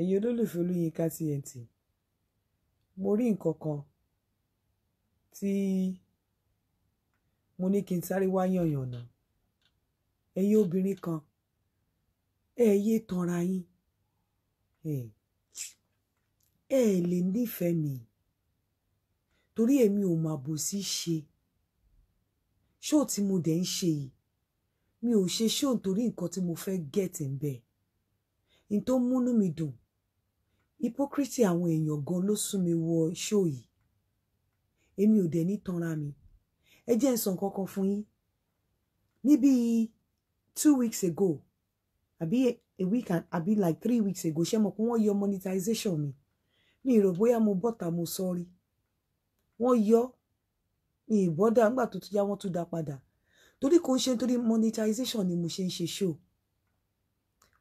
ẹ̀yin olólùfẹ́ Olúyinká TNT mo rí nǹkan kan tí mo ní kí n sáré wá yànyàn náà ẹ̀yin obìnrin kan ẹ yé tanra yín ẹ lè nífẹ̀ẹ́ mi torí èmi ò mà bò sí ṣe ṣóò tí mo dẹ̀ ń ṣe yìí mi ò ṣe ṣóò nítorí nǹkan tí mo fẹ́ gẹ̀tì ń bẹ́ẹ̀ In tó múnú mi dùn hypocrisy àwọn èèyàn gan ló sún mi wọ ṣó yìí èmi ò dẹ̀ ní tanra mi ẹ jẹ́ ń sọ fún yín níbi two weeks ago àbí a week àbí like three weeks ago ṣé mo pé wọ́n yọ monetization mi mi rò bóyá mo bọ́ta mo sọ́rí wọ́n yọ ní ìbọ́dà nígbà tó tún yá wọ́n tún dá padà torí kò ń ṣe nítorí monetization ni mo ṣe ń ṣe show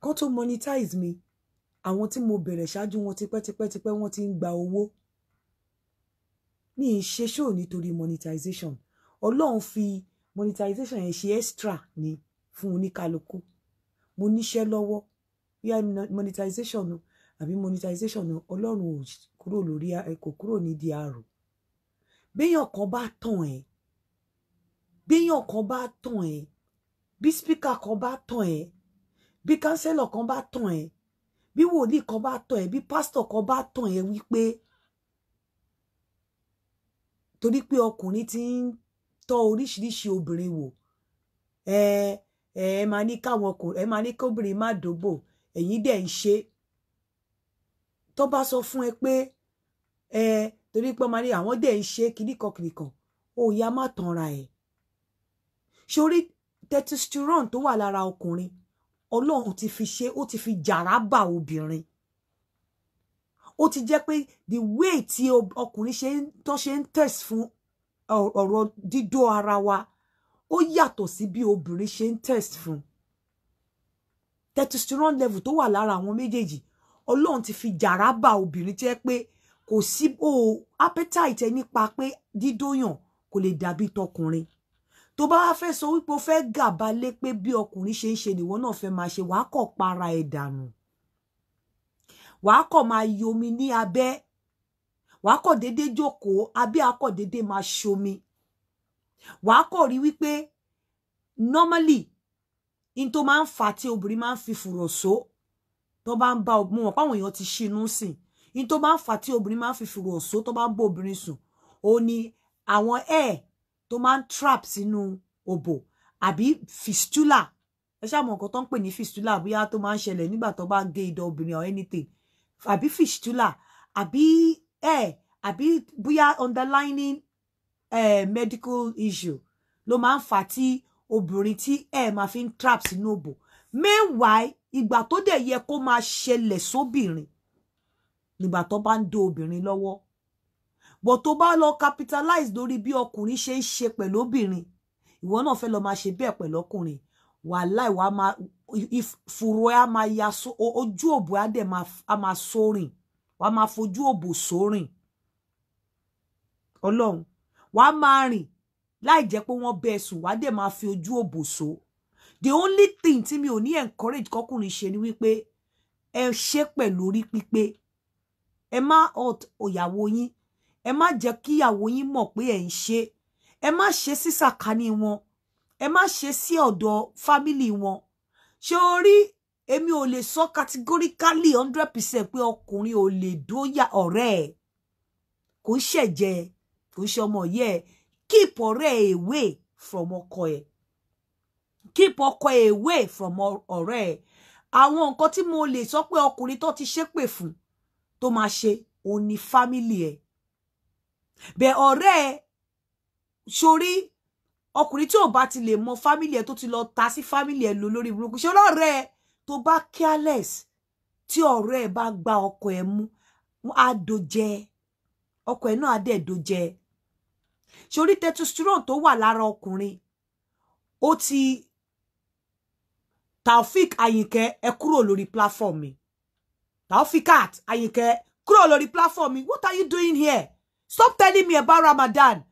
kán tó monetize mi àwọn tí mo bẹ̀rẹ̀ ṣáájú wọn tipẹ́tipẹ́tipẹ́ wọ́n ti ń gba owó mi ì ṣe ṣóò nítorí monetization ọlọ́run fi monetization yẹn ṣe extra ni fún oníkálukú mo níṣẹ́ lọ́wọ́ bíi monetization o àbí monetization o ọlọ́run ò kúrò lórí kò kúrò nídìí àrò béèyàn kan bá tàn ẹ́ béèyàn kan bá tàn ẹ́ bí spíkà kan bá tàn ẹ́ bí kánsẹ́lọ̀ kan bá tàn ẹ́ bí wòlíì kan bá tàn ẹ́ bí pásítọ̀ kan bá tàn ẹ́ wípé torí pé ọkùnrin ti ń tọ́ oríṣiríṣi obìnrin wò ẹ ẹ máa ní káwọn kò ẹ máa ní kóbìnrin má dóbò ẹ̀yin dẹ̀ ń ṣe tó bá sọ fún ẹ pé ẹ torí pé ọmọ ní àwọn dẹ̀ ń ṣe kìnnìkankìnnìkan ó yá má tanra ẹ̀ sórí testosterone tó wà lára ọkùnrin ọlọ́run ti fi ṣe ó ti fi jàrá bà obìnrin ó ti jẹ́ pé the way tí ọkùnrin ṣe ń tó ṣe ń test fún ọ̀rọ̀ dídó ara wa ó yàtọ̀ sí bí obìnrin ṣe ń test fún testosterone level tó wà lára àwọn méjèèjì ọlọ́run ti fi jàrá bà obìnrin jẹ́ pé kò sí o appetite ẹ nípa pé dídóyàn kò lè dàbí tọkùnrin tó bá wá fẹ́ sọ wípé o fẹ́ gàba lé pé bí ọkùnrin ṣe ń ṣe nìwọ náà fẹ́ máa ṣe wàá kọ̀ para ẹ̀ dànù wàá kọ̀ máa yomi ní abẹ́ wàá kọ̀ dédé jókòó abẹ́ akọ̀ dédé máa ṣomi wàá kọ̀ rí wípé normally in tó máa ń fà tí obìnrin máa ń fi fùrọ̀ só tó bá ń bá ọgbọ́n wọn páwọn èèyàn ti ṣinú sìn in tó máa ń fà tí obìnrin máa ń fi fùrọ̀ só tó bá ń bá obìnrin sùn ó ní àwọn ẹ̀ẹ́ To man ń trap sínú òbò àbí fistula ẹ ṣàmọ nǹkan tó ń pè ní fistula Abi ya to man ṣẹlẹ̀ nígbà tó bá gé ìdọ̀ obìnrin or anything Abi fistula Abi eh. Abi bóyá underlining eh, medical issue ló man ń fà tí obìnrin tí ẹ máa fi trap sínú òbò meanwhile ìgbà tó dẹ̀ yẹ kó ma ṣẹlẹ̀ sóbìnrin nígbà tó ba ń dó obìnrin lọ́wọ́ but tó bá lọ capitalize lórí bí ọkùnrin ṣe ń ṣe pẹ̀lú obìnrin ìwọ náà fẹ́ lọ máa ṣe bẹ́ẹ̀ pẹ̀lú ọkùnrin wàláì wàá máa fùrọ̀ ẹ̀ á máa ya ojú òbò á dẹ̀ á máa sórìn wàá máa fojú òbò sórìn ọlọ́run wàá máa rìn láì jẹ́ pé wọ́n bẹ́ẹ̀ sùn wàá dẹ̀ máa fi ojú òbò so the only thing tí mi ò ní encourage kọkùnrin ṣe ni wípé ẹ ṣe pẹ̀lú orí pípé ẹ má ọ̀t òyàwó yín ẹ má jẹ́ kí ìyàwó yín mọ̀ pé ẹ̀ ń ṣe ẹ má ṣe sí sàkání wọn ẹ má ṣe sí ọ̀dọ̀ fámìlì wọn ṣé o rí èmi ò lè sọ categorically hundred percent pé ọkùnrin ò lè dóyà ọ̀rẹ́ ẹ̀ kò ń ṣẹ̀jẹ̀ kò ń ṣe ọmọ yẹ ẹ̀ keep ọ̀rẹ́ ẹ̀ away from ọkọ ẹ̀ keep ọkọ ẹ̀ away from ọ̀rẹ́ ẹ̀ àwọn nǹkan tí mo lè sọ pé ọkùnrin tó ti ṣépè fún tó máa ṣe òun ni fámìlì ẹ̀ bẹ ọ̀rẹ́ ẹ sórí ọkùnrin tí ò bá ti lè mọ fámìlì ẹ tó ti lọ ta sí fámìlì ẹ lò lórí burúkú ṣé ọlọ́rẹ́ tó bá careless tí ọ̀rẹ́ ẹ bá gba ọkọ ẹ mú á dojẹ ọkọ ẹ náà á dẹ̀ dojẹ sórí testosterone tó wà lára ọkùnrin ó ti taofik Àyìnkẹ́ ẹ kúrò lórí platform mi taufikat Àyìnkẹ́ kúrò lórí platform mi what are you doing here stop telling me about Ramadan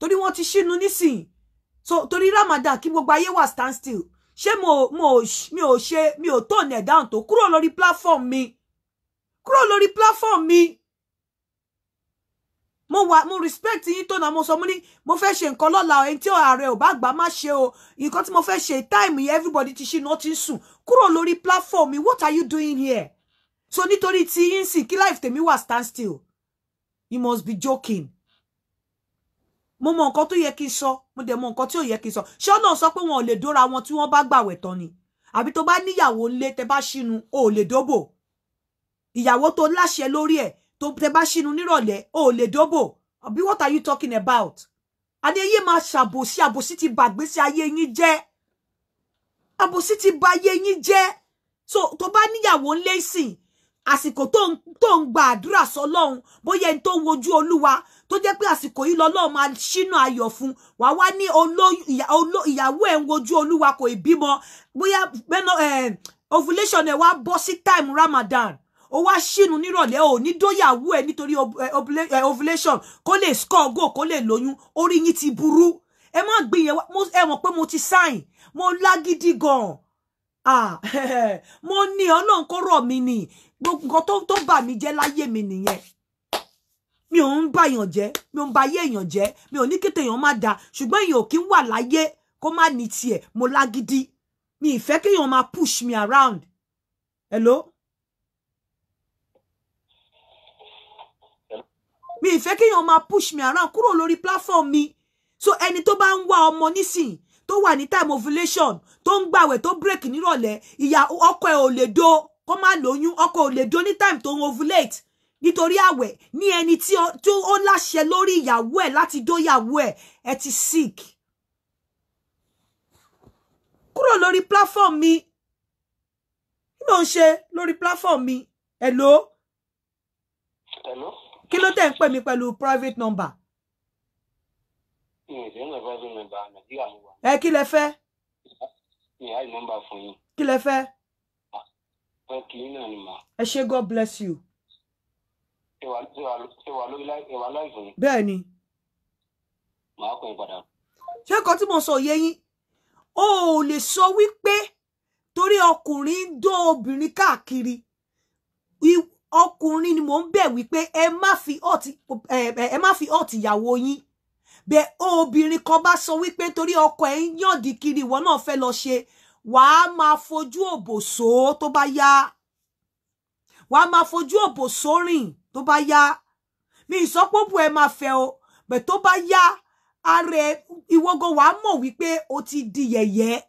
torí wọ́n ti ṣínú nísìnyí so torí Ramadan kí gbogbo ayé wà stand still ṣé mo mo mi ò ṣe mi ò tó ọ̀nà ẹ̀dáhùn tó kúrò lórí platform mi kúrò lórí platform mi mo wà mo respect yín tó náà mo sọ mo ní mo fẹ́ ṣe nǹkan lọ́la ẹni tí ààrẹ ò bá gbà má ṣe o nǹkan tí mo fẹ́ ṣe time yìí everybody ti ṣìnà ti ń sùn kúrò lórí platform mi what are you doing here so nítorí tí yín sì kí life tèmi wà stand still you must be joking mo mọ nǹkan tó yẹ kí n sọ mo dẹ̀ mọ nǹkan tí ò yẹ kí n sọ ṣé ọlọ́run sọ pé wọn ò lè dóra wọn tí wọ́n bá gbàwẹ̀ tán ni àbí tó bá níyàwó ńlé tẹ bá ṣínú o ò lè dóbò ìyàwó tó láṣẹ lórí ẹ̀ tó tẹ bá ṣínú nírọ̀lẹ́ o ò lè dóbò what are you talking about adéyé máa ṣàbòsí àbòsí ti bàgbésí ayé yín jẹ́ àbòsí ti bà ayé yín jẹ́ so tó ni níyàwó ńlé sìn àsìkò tó ń gba àdúrà sọ́lọ́run bóyá ẹni tó ń wojú olúwa tó jẹ́ pé àsìkò yìí lọ́lọ́run máa ṣínà ayọ̀ fún wà wá ní ìyàwó ẹ̀ ń wojú olúwa kò ì bímọ bóyá eh, ovulation e wá bọ́ sí time Ramadan ó wá ṣínú nírọ̀lẹ́ ò ní dóyàwó ẹ̀ nitori eh, eh, ovulation kó lè score go kó lè lóyún orí yín ti burú ẹ má gbìyànjú ẹ mọ̀ pé mo ti sign mo lágídí gan ah mo ní ọlọ́run kó rọ̀ mí ni gbogbo nǹkan tó bà mí jẹ́ láyé mi nìyẹn mi ò ń bá èèyàn jẹ́ mi ò ń ba ayé èèyàn jẹ́ mi ò ní kété èèyàn má da ṣùgbọ́n èèyàn ò kí ń wà láyé kó má ní tiẹ̀ mo lágídí mi ìfẹ́ kéèyàn máa push me around hello mi ìfẹ́ kéèyàn máa push me around kúrò lórí platform mi so ẹni tó bá ń wá ọmọ nísìnyí tó wà ní time ovulation tó ń gbàwẹ̀ tó break nírọ̀lẹ́ ìyá ọkọ ẹ̀ ò lè do kó má lóyún ọkọ ò lè do ní time tó ń ovulate nítorí àwẹ̀ ní ẹni tí ó láṣẹ lórí ìyàwó ẹ̀ láti dóyàwó ẹ̀ ẹ ti sick kúrò lórí platform mi kí ló ń ṣe lórí platform mi hello hello kí ló tẹ̀ ń pè mí pẹ̀lú private number ẹ kí lẹ fẹ́. kí lẹ fẹ́. ẹ ṣé god bless you. bẹ́ẹ̀ ni. ṣé kan tí mo sọ yé yín o ò lè sọ wípé torí ọkùnrin ń dó obìnrin káàkiri ọkùnrin ni mò ń bẹ̀ wípé ẹ má fi ọ̀tì ìyàwó yín bẹ obìnrin kan bá sọ wípé torí ọkọ ẹ̀ ń yànjú kiri ìwọ náà fẹ́ lọ ṣe wàá máa fojú òbò tó bá yá wàá máa fojú òbò sórìn tó bá yá mi ìsọpọ̀bù ẹ máa fẹ́ o bẹ̀ tó bá yá ààrẹ ìwọgọ wàá mọ̀ wípé o ti di yẹ̀yẹ́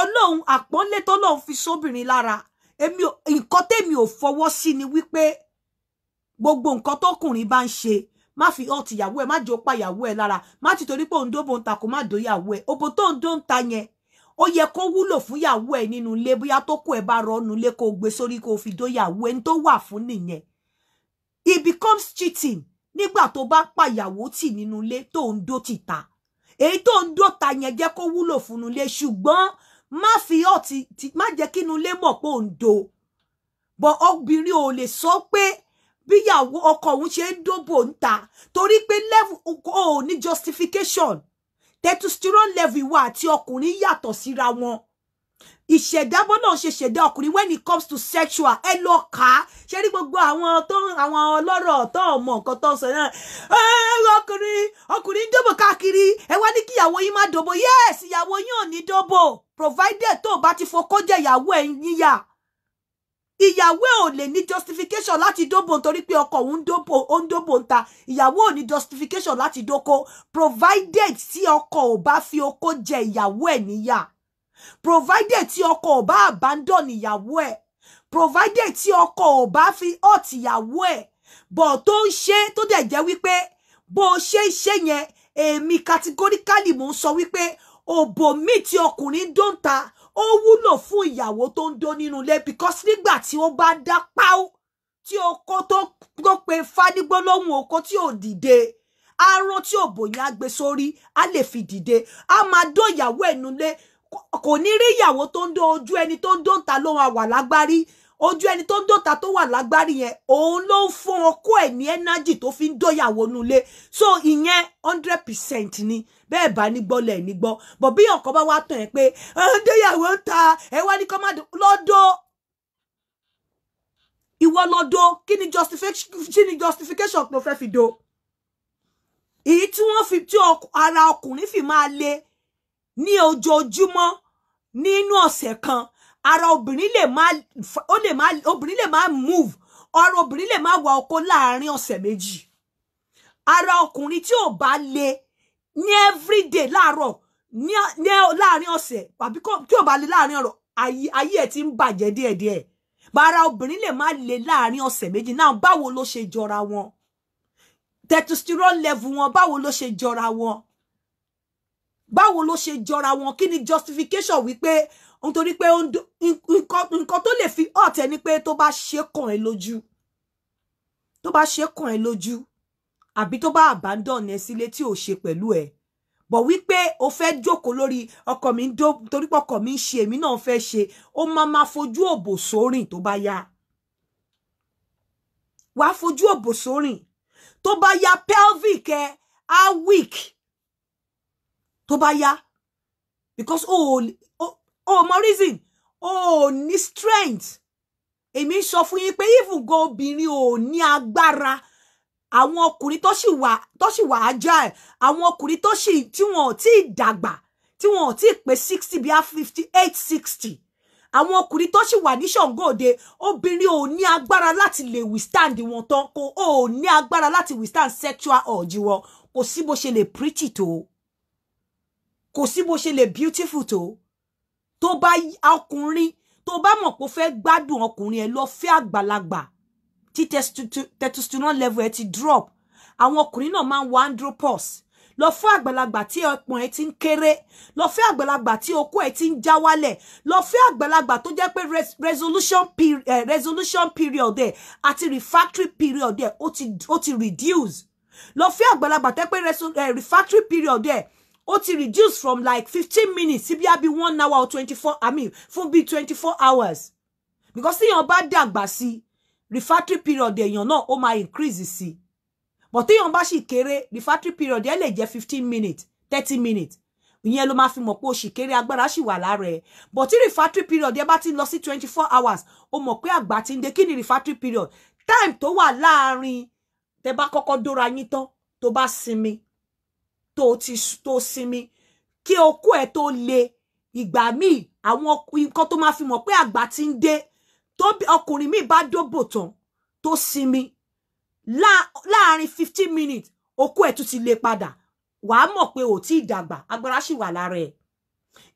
ọlọ́run àpọ́nlé tọ́lọ́run fi sóbìnrin lára èmi nǹkan tèmi ò fọwọ́ sí ni wípé gbogbo nǹkan tọkùnrin bá ń ṣe má fi ọ̀tì ìyàwó ẹ̀ má jẹ́ ó pa ìyàwó ẹ̀ lára má ti torí pé òun dóbo ń ta kó má dó ìyàwó ẹ̀ òbò tó ń dó ń ta yẹn ó yẹ kó wúlò fún ìyàwó ẹ̀ nínú ilé bóyá tó kó ẹ̀ bá rọ́ọ̀nù ilé kó gbé sórí kó fi dó ìyàwó ẹ̀ ń tó wà fún nìyẹn it becomes cheating nígbà tó bá pa ìyàwó tì nínú ilé tó ń dó ti ta èyí tó ń dó ta yẹn jẹ́ kó wúlò fún ilé ṣùgbọ́n má fi ọ̀tì má jẹ́ kínú ilé mọ̀ pé ò ń do bọ̀ obìnrin ò lè sọ pé bíyàwó ọkọ òun ṣe ń dóbò ń ta torí pé level o ní justification testosterone level ìwà àti ọkùnrin yàtọ̀ síra wọn ìṣẹ̀dá bọ́nà ṣe ṣẹ̀dá ọkùnrin when it comes to sexual ẹ lọ kà á ṣe rí gbogbo àwọn tó àwọn ọlọ́rọ̀ tó ọmọ nǹkan tó ń sọ náà ọkùnrin ọkùnrin ń dóbò káàkiri ẹ wá ní kí ìyàwó yín má dóbò yes ìyàwó yín ò ní dóbò provided tó o bá ti fokó jẹ ìyàwó ẹ níyà ìyàwó ò lè ní justification láti dóbò nítorí pé ọkọ òun dóbò òun dóbò ń ta ìyàwó ò ní justification láti dóko provided tí ọkọ ò bá fi oko jẹ ìyàwó ẹ̀ níyà provided tí ọkọ ò bá abandon ìyàwó ẹ̀ provided tí ọkọ ò bá fi hot ìyàwó ẹ̀ bọ̀ tó ń ṣe tó dẹ̀ jẹ́ wípé bó ṣe ń ṣe yẹn èmi categorically mò ń sọ wípé òbò míì tí ọkùnrin dóńta ó wúlò fún ìyàwó tó ń dó nínú ilé because nígbà tí ó bá dá páó tí okó tó pe fánigbólóhùn okó tí ò dìde arán tí òbòyìn á gbé sórí á lè fi dìde á máa dó ìyàwó ẹ̀ nulẹ̀ kò ní rí ìyàwó tó ń dó ojú ẹni tó ń dó ń ta ló wà lágbárí ojú ẹni tó ń dòta tó wà lágbárí yẹn òun ló ń fún ọkọ ẹ̀ ní ẹnájì tó fi ń dóyàwó nulẹ̀ so ìyẹn hundred percent ni bẹ́ẹ̀ bá ní gbọ́ lẹ̀ ní gbọ́ bọ̀ bí ọkọ bá wá tàn ẹ́ pé ọ̀dọ́yàwó ń ta ẹ wá ní kọ́ má lọ́dọ̀ ìwọ lọ́dọ̀ kí ni justification tó fẹ́ fi do èyí tí wọ́n fi tí ara ọkùnrin fi máa le ní ojoojúmọ́ nínú ọ̀sẹ̀ kan ara obìnrin lè má ó lè má obìnrin lè má move ọ̀rọ̀ obìnrin lè má wà ọkọ láàrin ọ̀sẹ̀ méjì ara ọkùnrin tí ò bá le ní everyday láàárọ̀ ní láàrin ọ̀sẹ̀ àbí tí ò bá le láàrin ọ̀rọ̀ ayé ẹ̀ ti ń bàjẹ́ díẹ̀díẹ̀ bàrà obìnrin lè má le láàrin ọ̀sẹ̀ méjì náà báwo ló ṣe jọra wọn testosterone level wọn báwo ló ṣe jọra wọn báwo ló ṣe jọra wọn kí ni justification wípé nítorí pé nǹkan tó lè fi ọ̀tẹ̀ ni pé tó bá ṣe kàn ẹ́ lójú tó bá ṣe kàn ẹ́ lójú àbí tó bá abandon ẹ sílé tí ò ṣe pẹ̀lú ẹ̀ bọ̀ wípé o fẹ́ jókòó lórí ọkọ mi ń dó torí pé ọkọ mi ń ṣe èmi náà fẹ́ ṣe ó máa máa fojú òbò sórìn tó bá yá wàá fojú òbò sórìn tó bá yá pelvic ẹ á weak tó bá yá because o ò mọ reason o ò ní strength èmi ń sọ fún yín pé even go obìnrin ò ní agbára àwọn ọkùnrin tó sì wà tó sì wà agile àwọn ọkùnrin tó sì tí wọn ò tí ì dàgbà tí wọn ò tí ì pé sixty bíi fifty eight sixty àwọn ọkùnrin tó sì wà ní ṣàngóòde obìnrin ò ní agbára láti lè withstand wọn tán kò ò ní agbára láti withstand sexual urge wọn kò sí bó ṣe lè preach it o kò sí bó ṣe lè beautiful tó tó bá ọkùnrin tó bá mọ̀ pé ó fẹ́ gbádùn ọkùnrin ẹ̀ lọ fẹ́ àgbàlagbà tí testosterone level ẹ̀ ti drop àwọn ọkùnrin náà máa ń wọ andropause lọ fẹ́ àgbàlagbà tí ọpọ́n ẹ̀ ti ń kéré lọ fẹ́ àgbàlagbà tí okó ẹ̀ ti ń já wálẹ̀ lọ fẹ́ àgbàlagbà tó jẹ́ pé resolution period eh, àti refractory period ẹ̀ ó ti reduce lọ fẹ́ àgbàlagbà tẹ́ pé refractory period ẹ̀ ó ti reduce from like fifteen minutes sí bí i one hour or twenty four i mean fún bíi twenty four hours because tíyan bá dàgbà sí refractory period èèyàn náà ó máa increase sí but tíyan bá sì kéré refractory period ẹ lè jẹ́ fifteen minutes thirty minutes ìyẹn ló máa fi mọ̀ pé o sì kéré agbára sì wà lára ẹ̀ but tí refractory period ẹ bá ti lọ sí twenty four hours o mọ̀ pé àgbà ti ń de kí ni refractory period time tó wà láàárín tẹ bá kọ́kọ́ dóra yín tán tó bá sinmi tó ti tó sinmi kí okó ẹ tó le ìgbà míì àwọn nǹkan tó máa fi mọ̀ pé àgbà ti ń dé ọkùnrin míì bá dóbò tán tó sinmi láàárín fifteen minutes okó ẹ tún ti le padà wàá mọ̀ pé ò tí ì dàgbà agbára sì wà lára ẹ̀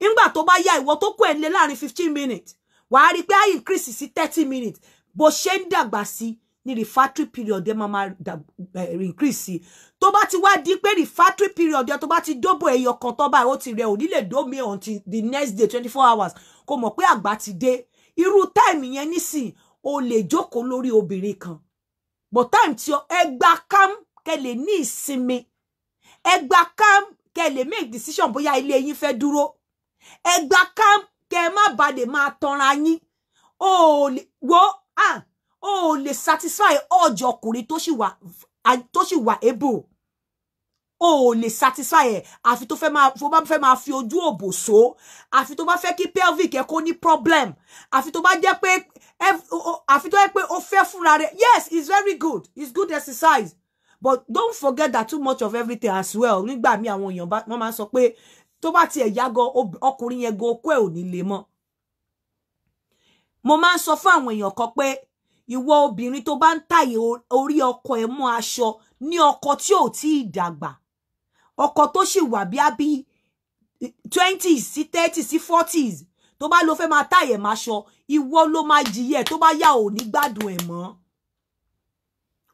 nígbà tó bá yá ìwọ tó kó ẹ̀ ń fifteen minutes wàá rí i increase si thirty minutes bó ṣe ń dàgbà ní refractory period Mama, máa máa increase tó bá ti wá di pé refractory period ẹ tó bá ti dóbò ẹyọ kan tó báyìí ó ti rẹ òní lè dómi until the next day 24 hours kò mọ̀ pé àgbà ti dé irú táìmì yẹn nísìn o lè jókòó lórí obìnrin kan but time tí ẹ gbà kám kẹ́ lè ní ìsinmi ẹ gbà kám kẹ́ make decision bóyá ilé yín fẹ́ dúró ẹ gbà kám kẹ́ má ba lè máa tanra yín o lè wo ah o lè satisfy urge ọkùnrin tó sì wà tó sì wà able o lè satisfy ẹ àfi tó fẹ́ máa tó bá fẹ́ ma fi ojú òbò so àfi tó bá fẹ́ pelvic ẹ kó ní problem àfi tó bá jẹ́ pe àfi tó jẹ́ pé o fẹ́ fúnra rẹ yes it's very good it's good exercise but don't forget that too much of everything as well nígbà mi àwọn èèyàn wọ́n máa ń sọ pé tó bá tiẹ̀ yá gan ọkùnrin yẹn go okó ẹ̀ ò ní lè mọ́ mo máa ń sọ fún àwọn èèyàn kan ìwọ obìnrin tó bá ń tàyè orí ọkọ ẹ̀ mọ́ aṣọ ní ọkọ tí ò tí ì dàgbà ọkọ tó sì wà bí abí twenties sí thirties sí forties tó bá lọ fẹ́ máa tàyè máa ṣọ ìwọ ló máa jìyẹ tó bá yà ò ní gbádùn ẹ̀ mọ́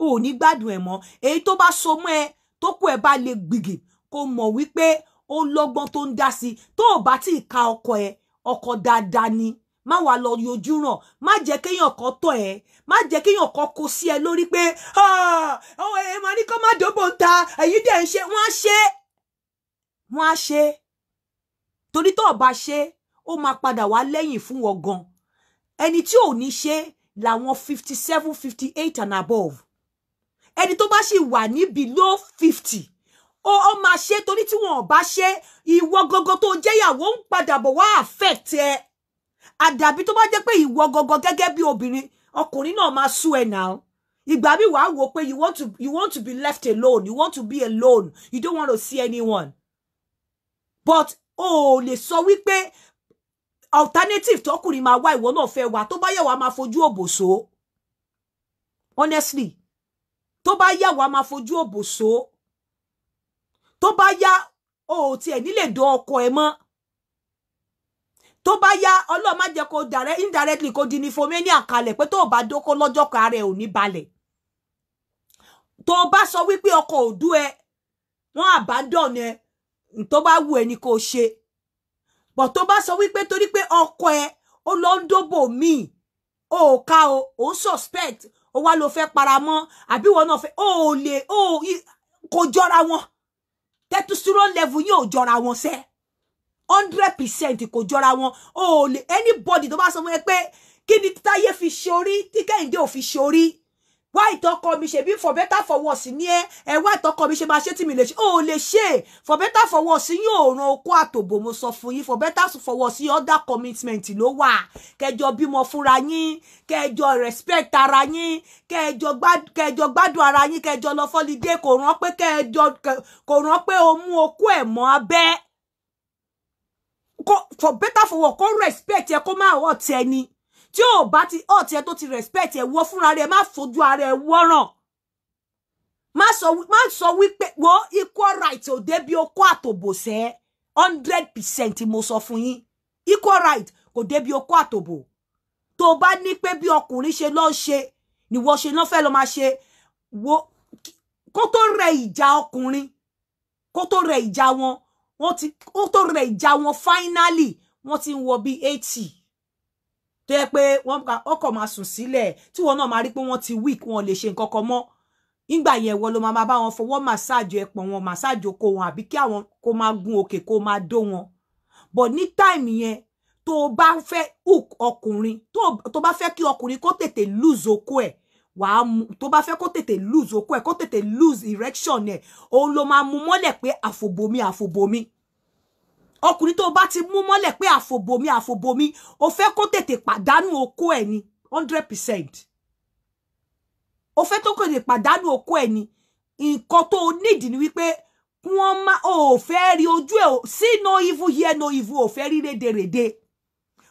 ò ní gbádùn ẹ̀ mọ́ èyí tó bá so mọ́ ẹ tó kù ẹ bá lè gbìgì kó mọ̀ wípé ó lọ́gbọ́n tó ń dá sí tó ò bá tí ka ọkọ ẹ ọkọ dáadáa ni má wà lọ yọjú ràn má jẹ́ kéèyàn kan tọ̀ ẹ́ má jẹ́ kéèyàn kan kó sí ẹ lórí pé ọwọ́ ẹ máa ní kó má dóbò ń ta èyí dẹ̀ ń ṣe wọ́n á ṣe wọ́n á ṣe torí tó bá ṣe ó máa padà wá lẹ́yìn fún wọn gan ẹni tí ò ní ṣe làwọn fifty seven fifty eight and above ẹni tó bá sì wà ní below fifty ó ó máa ṣe torí tí wọn ò bá ṣe ìwọ gógó tó jẹ́yàwó ń padà bọ̀ wá affect ẹ àdàbí tó bá jẹ́ pé ìwọ gangan gẹ́gẹ́ bí obìnrin ọkùnrin náà máa sú ẹ náà ìgbà bí wàá wò pé you want to you want to be left alone you want to be alone you don't want to see anyone but o oh, lè sọ wípé alternative tọkùnrin máa wá ìwọ náà fẹ́ wá tó bá yẹ wàá máa fojú òbò so honestly tó bá yá wàá máa fojú òbò so tó bá yá o ò tiẹ̀ nílè dán ọkọ ẹ mọ́ tó bá yá ọlọ́run má jẹ́ kó direct indirectly kó di nifomania kalẹ̀ pé tó o bá dóko lọ́jọ́ kan ara ẹ̀ ò ní balẹ̀ tó o bá sọ wípé ọkọ̀ òdú ẹ wọ́n àbádọ́n ẹ tó bá wù ẹ ni kò ṣe bọ̀ tó bá sọ wípé torí pé ọkọ ẹ ó lọ ń dóbò míì o ò ká o ò ń suspect o wá ló fẹ́ para mọ́ àbí wọn náà fẹ́ o lè o kò jọra wọn testosterone level yìí jọra wọn sẹ́ẹ́ hundred percent kò jọra wọn o ò lè anybody tó bá sọ fún ẹ pé kí ni táyé fi ṣorí tí kẹ́hìndé ò fi ṣorí wá ìtọ́kọ mi ṣe bí for better for worse ní ẹ ẹ wá ìtọ́kọ mi ṣe máa ṣe tí mi lè ṣe ó lè ṣe for better for worse yín ò ran okó àtòbò mo sọ fún yín for better for worse yín other commitment ló wà kẹjọ bímọ fúnra yín kẹjọ respect ara yín kẹjọ gbádùn ara yín kẹjọ lọ fọlídé kò rán pé kẹjọ kò rán pé o mú okó ẹ̀ mọ́ abẹ́ kó for better for work kó respect ẹ kó má ọ̀tí ẹni tí ò bá ti ọ̀tí ẹ tó ti respect ẹ wọ́ fúnra rẹ are fojú ara ẹ wọ́ràn so sọ wípé wo equal right ò débi okó àtòbòsẹ́ hundred percent mo so fún yín equal right kò débi okó àtòbò To bá ni pé bí ọkùnrin ṣe lọ ṣe ni wọ́n ṣe náà fẹ́ lọ máa ṣe wo kó tó rẹ ìjà ọkùnrin kó tó rẹ ìjà wọn wọ́n ti ó tó rẹ̀ ìjà wọn finally wọ́n ti ń wọ bíi eighty tó yẹ pé wọ́n ọkọ̀ máa sùn sílẹ̀ tí wọ́n náà máa rí pé wọ́n ti weak wọn lè ṣe nǹkan kan mọ́ nígbà yẹn wọ́n ló máa bá wọn fọwọ́ màsáàjò ẹpọ̀n wọn massage. kó wọn àbí kí àwọn kó máa gun òkè kó máa dó wọn but ní táìmì yẹn tó bá fẹ́ hook ọkùnrin tó bá fẹ́ kí ọkùnrin kó tètè lose okó ẹ̀ wàá mu tó bá fẹ́ kó tètè lose okó ẹ̀ kó tètè lose erection ẹ̀ òun ló máa mú mọ́lẹ̀ pé àfòbomi àfòbomi ọkùnrin tó bá ti mú mọ́lẹ̀ pé àfòbomi àfòbomi ó fẹ́ kó tètè pàdánù okó ẹ̀ ni hundred percent ó fẹ́ tó tètè pàdánù okó ẹ̀ ni nǹkan tó nídìí ni wípé wọ́n má ò fẹ́ rí ojú ẹ̀ sí no evil here no evil ò fẹ́ rí rédèrèdè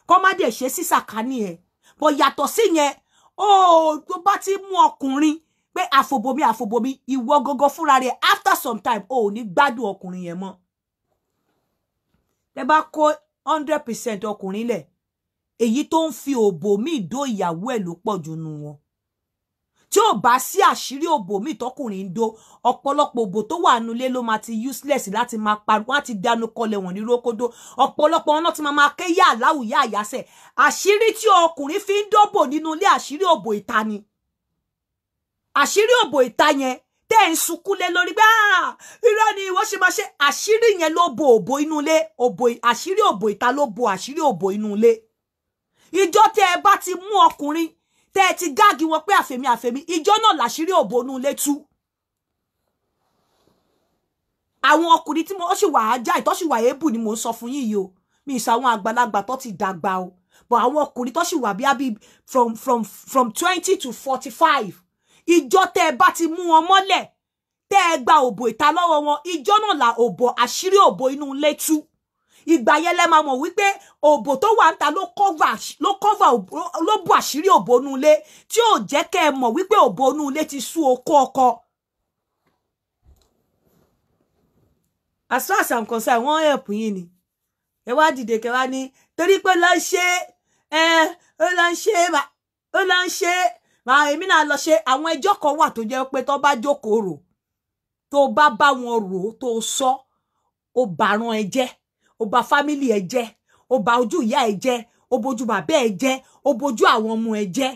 kọ́ má dẹ̀ ṣe sísàkánì ẹ̀ bọ̀ yàtọ̀ sí yẹn ó tó bá ti mú ọkùnrin pé àfòbòmí àfòbòmí ìwọ gọgọ fúnra rẹ after some time ó ní gbádùn ọkùnrin yẹn mọ́ tẹ bá kó hundred percent ọkùnrin lẹ̀ èyí tó ń fi òbò míì dó ìyàwó ẹ̀ ló pọ̀ jù nù wọn tí ò bá sí àṣírí òbò míì tọkùnrin ń do ọ̀pọ̀lọpọ̀ òbò tó wà nulẹ̀ ló máa ti useless láti máa pariwo láti dánú kọlẹ̀ wọ̀n ní rókódó ọ̀pọ̀lọpọ̀ wọn náà ti máa máa ké yá àláwùyá àyàsẹ̀ àṣírí tí ọkùnrin fi ń dóbò nínú ilé àṣírí òbò ìta ni àṣírí òbò ìta yẹn tẹ́ ń sunkún lé lórí pé ah, irọ́ ni ìwọ ṣe máa ṣe àṣírí yẹn ló bo òbò inú ilé àṣírí òbò ìta ló bo àṣírí òbò inú ilé ìjọ tẹ́ ẹ bá ti mú ọkùnrin tẹ́ ẹ ti gáàgì wọn pé àfẹ̀mí àfẹ̀mí ìjọ náà làṣírí òbónú létú àwọn ọkùnrin tí mo ó sì wà ajá ìtọ́ sì wà éèbù ni mò ń sọ fún yín yìí o mi ìsọ àwọn àgbàlagbà tó ti dàgbà o but àwọn ọkùnrin tó sì wà bí àbí from from from twenty to forty five ìjọ tẹ́ ẹ bá ti mú wọn mọ́lẹ̀ tẹ́ ẹ gba òbò ìta lọ́wọ́ wọn ìjọ náà la òbò àṣírí òbò inú létú ìgbà yẹn lẹ máa mọ̀ wípé òbò tó wà ń ta ló cover ló cover ló bu àṣírí òbò inú ilé tí ò jẹ́ kẹ́ ẹ mọ̀ wípé òbò inú ilé ti sú okó ọkọ. as far as i'm concerned wọ́n help yín ni ẹ wá dìde kẹ wá ní torí pé lọ ṣe ẹ ó lọ ṣe ó lọ ṣe màá èmi náà lọ ṣe àwọn ẹjọ́ kan wà tó jẹ́ pé tó bá jókòó rò tó bá bá wọn rò tó sọ ó bàrán ẹ jẹ́ ó bà fámìlì ẹ jẹ́ ó bà ojú ìyá ẹ jẹ́ ó bojú bàbá ẹ jẹ́ ó bojú àwọn ọmọ ẹ jẹ́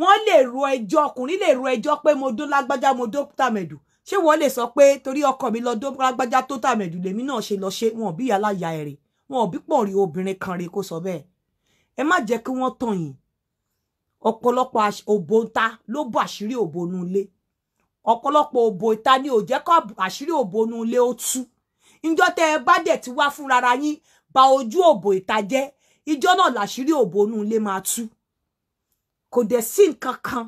wọ́n lè ro ẹjọ́ ọkùnrin lè ro ẹjọ́ pé mo dó lágbájá mo dó tàmẹ̀dù ṣé wọ́n lè sọ pé torí ọkọ mi lọ dó lágbájá tó tàmẹ̀dù lèmi náà ṣe lọ ṣe wọn bí aláya ẹ̀rẹ̀ wọn bí pọ̀nrí obìnrin kan rè kó sọ bẹ́ẹ̀ ẹ má jẹ́ kí wọ́n tàn yín ọ̀pọ̀lọpọ̀ òbò ta ló bọ́ àṣírí òbò nulẹ̀ ọ̀pọ̀lọpọ̀ òbò ìta ni ò jẹ́ kó àṣírí òbò nulẹ̀ ó tú ìjọ tẹ ẹ bá dẹ̀ ti wá fúnra yín ba ojú òbò ìta jẹ́ ìjọ náà làṣírí òbò inú ilé máa tú kò dẹ̀ sí nǹkan kan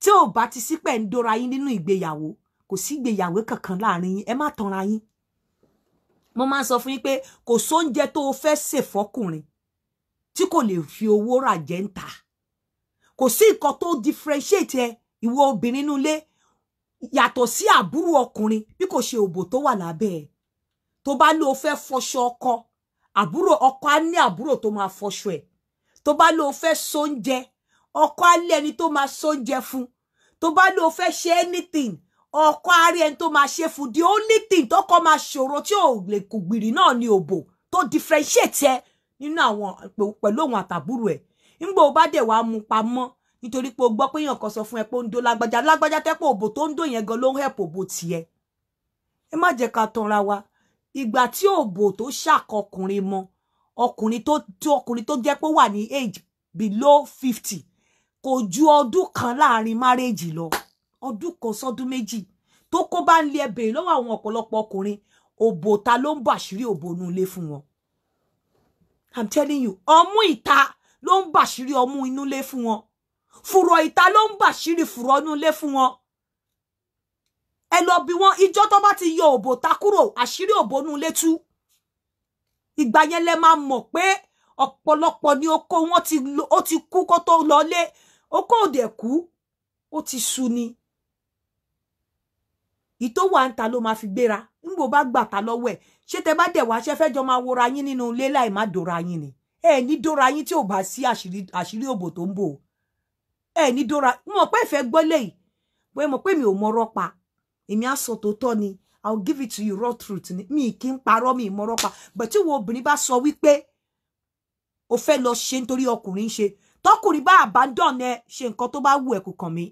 tí ò bá ti sí pẹ̀ ń dóra yín nínú ìgbéyàwó kò sí ìgbéyàwó kankan láàrin yín ẹ má tanra yín mo máa ń sọ fún yín pé kò sóúnjẹ tó o fẹ́ sè fọkùnrin tí kò lè fi owó rà jẹ ń ta kò sí nǹkan tó differentiate ẹ ìwọ obìnrin nulẹ̀ yàtọ̀ sí àbúrò ọkùnrin bí kò ṣe òbò tó wà lábẹ́ ẹ̀ tó bá ló fẹ́ fọṣọ ọkọ àbúrò ọkọ á ní àbúrò tó máa fọṣọ ẹ̀ tó bá ló fẹ́ sóúnjẹ ọkọ á lé ẹni tó máa sóúnjẹ fún tó bá ló fẹ́ ṣe anything ọkọ á rí ẹni tó máa ṣe fún the only thing tọkọ máa ṣòro tí ò lè kù gbìrì náà ni òbò tó differentiate ẹ nínú àwọn pẹ̀lú òun àtàbúrò ẹ̀ ńgbò bá dẹ̀ wàá mú pamọ́ nítorí pé o gbọ́ pé èèyàn kan sọ fún ẹ pé ó ń do lágbájá lágbájá tẹ́pọ̀ òbò tó ń do yẹn gan ló ń hẹ̀pọ̀ òbò tiẹ̀ ẹ má jẹ́ ká wa ìgbà tí òbò tó ṣàkọkùnrin mọ ọkùnrin tó tó ọkùnrin tó jẹ́ pé wà ní age below fifty kò ju ọdún kan láàrin márèèjì lọ ọdún kan sọdún méjì tó kó bá ń lé ẹbèrè lọ́wọ́ àwọn ọ̀pọ̀lọpọ̀ ọkùnrin òbò ta ló ń bọ àṣírí òbò inú ilé fún wọn i'm telling you ọmú ìta ló ń bàṣírí ọmú inú ilé fún wọn fùrọ̀ ìta ló ń bàṣírí fùrọ̀ inú ilé fún wọn ẹ lọ bí wọn ìjọ́ tó bá ti yọ òbò ta kúrò àṣírí òbò nù létú ìgbà yẹn lẹ máa mọ̀ pé ọ̀pọ̀lọpọ̀ ni oko wọn ti ó ti kú kó tó lọlé oko òdẹ kú ó ti sú ni ìtò wà ń ta ló máa fi gbéra ńgbò bá gbà ta lọ́wọ́ ẹ̀ ṣé tẹ bá dẹ̀ wá ṣe fẹ́ máa wora yín nínú ilé láì má dòra yín ni ẹ ní dóra yín tí ò bá sí àṣírí òbò tó ń bò ẹ ní dóra mo pé ìfẹ́ gbọ́ léyìí pé mo pé mi ò mọ ọ̀rọ̀ pa èmi á sọ tòótọ́ ni i give it to you raw truth ni mi kì í mi ìmọ̀rọ̀ pa but tí wo obìnrin bá sọ wípé o fẹ́ lọ ṣe nítorí ọkùnrin ṣe tọkùnrin bá abandon ẹ ṣe nǹkan tó bá wù ẹ kò kàn mí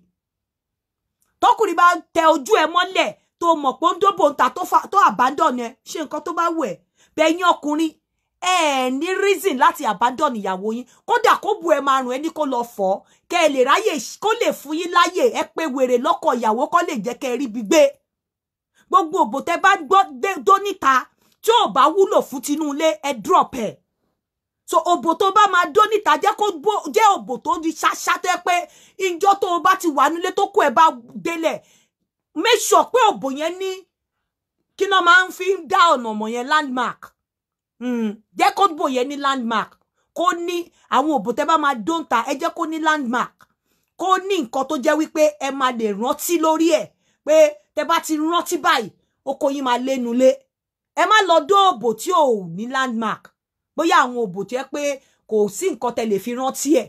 tọkùnrin bá tẹ ojú ẹ mọ́lẹ̀ tó mọ̀ pé ó ń dóbò ń abandon ẹ ṣe nǹkan tó bá wù ẹ bẹ́ẹ̀ yín ọkùnrin ẹ ẹ ní reason láti abandon ìyàwó yín kódà kó bu ẹ máa rùn ẹ ní kó lọ fọ kẹ ẹ lè ráyè kó lè fún yín láyè ẹ pé wèrè lọkọ ìyàwó kó lè jẹ kẹ ẹ rí bí gbé gbogbo òbò tẹ bá gbó níta tí ò bá wúlò fún tinúlé ẹ drop ẹ so òbò tó bá máa dó níta jẹ́ kó gbó jẹ́ òbò tó di ṣáṣá tó yẹ pé ìjọ́ tó o bá ti wà nílé tó kù ẹ bá gbélẹ̀ make sure pé òbò yẹn ní kí náà máa ń fi dá ọ̀nà ọmọ yẹn landmark Hmm. jẹ́ kó bò yẹn ní landmark kó ní àwọn òbò tẹ́ bá máa dóńtà ẹ jẹ́ kó ní landmark kó ní nǹkan tó jẹ́ wípé ẹ máa lè rántí lórí ẹ̀ pé tẹ́ bá ti rántí báyìí oko yín máa lénulé ẹ má lọ dó òbò tí ò ní landmark bóyá àwọn òbò tó yẹ pé kò sí nǹkan tẹ́ lè fi rántí ẹ̀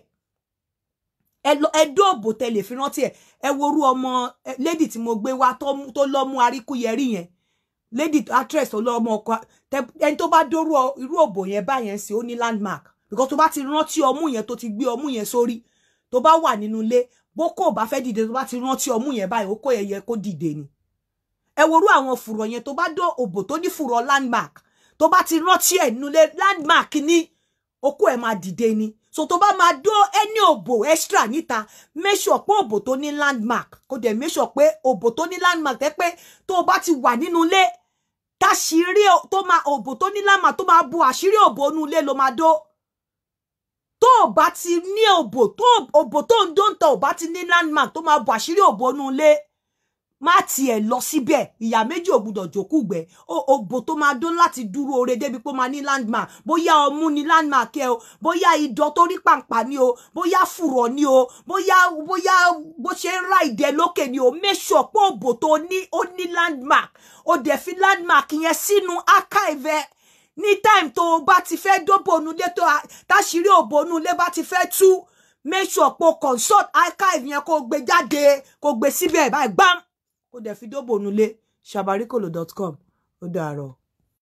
ẹ dó òbò tẹ́ lè fi rántí ẹ̀ ẹ worú ọmọ lady tí mo gbé wá tó lọ mú aríkúyẹrí yẹn lady actress ọlọ́mọ ọkọ ẹni tó bá dóró irú òbò yẹn báyẹn sí ó ní landmark because tó bá ti rántí ọmú yẹn tó ti gbé ọmú yẹn sórí tó bá wà nínú ilé bó kò bá fẹ́ dìde tó bá ti rántí ọmú yẹn báyìí ó kó yẹ yẹ kó dìde ni ẹ worú àwọn fùrọ̀ yẹn tó bá dó òbò tó ní fùrọ̀ landmark tó bá ti rántí ẹ̀ nínú ilé landmark ni okó ẹ̀ máa dìde ni so tó bá máa dó ẹni òbò extra níta make sure pé òbò tó ní landmark kó dẹ̀ make sure pé òbò tó ní landmark tẹ́ pé tó bá ti wà nínú ilé táṣírí tó máa òbò tó nílámà tó máa bu àṣírí òbò nú ilé ló máa dó tó o bá ti ní òbò tó òbò tó ń dó ń tọ ò ti ní landmark tó máa bu àṣírí òbò nú ilé má tiẹ̀ lọ síbẹ̀ ìyá méjì ò gbúdọ̀ jókòó gbẹ ògbò tó máa dún láti dúró oore débi pé ó máa ní landmark bóyá ọmú ni landmark ẹ o bóyá idọ tó rí pàǹpà ni o bóyá fùrọ̀ ni o bóyá bóyá bó ṣe ń ra ìdẹ lókè ni o make sure pé ògbò tó ní ó ní landmark ó dẹ̀ fi landmark yẹn sínú archive ẹ ní time tó o bá ti fẹ́ dóbò nulẹ̀ tó táṣìírí òbò nulẹ̀ bá ti fẹ́ tú make sure pé o consult archive yẹn kó o gbé jáde kó o gbé síbẹ̀ báyìí gbam kó dẹ̀ fi dóbò nulẹ̀ shabarikolo dot com ó dàárọ̀.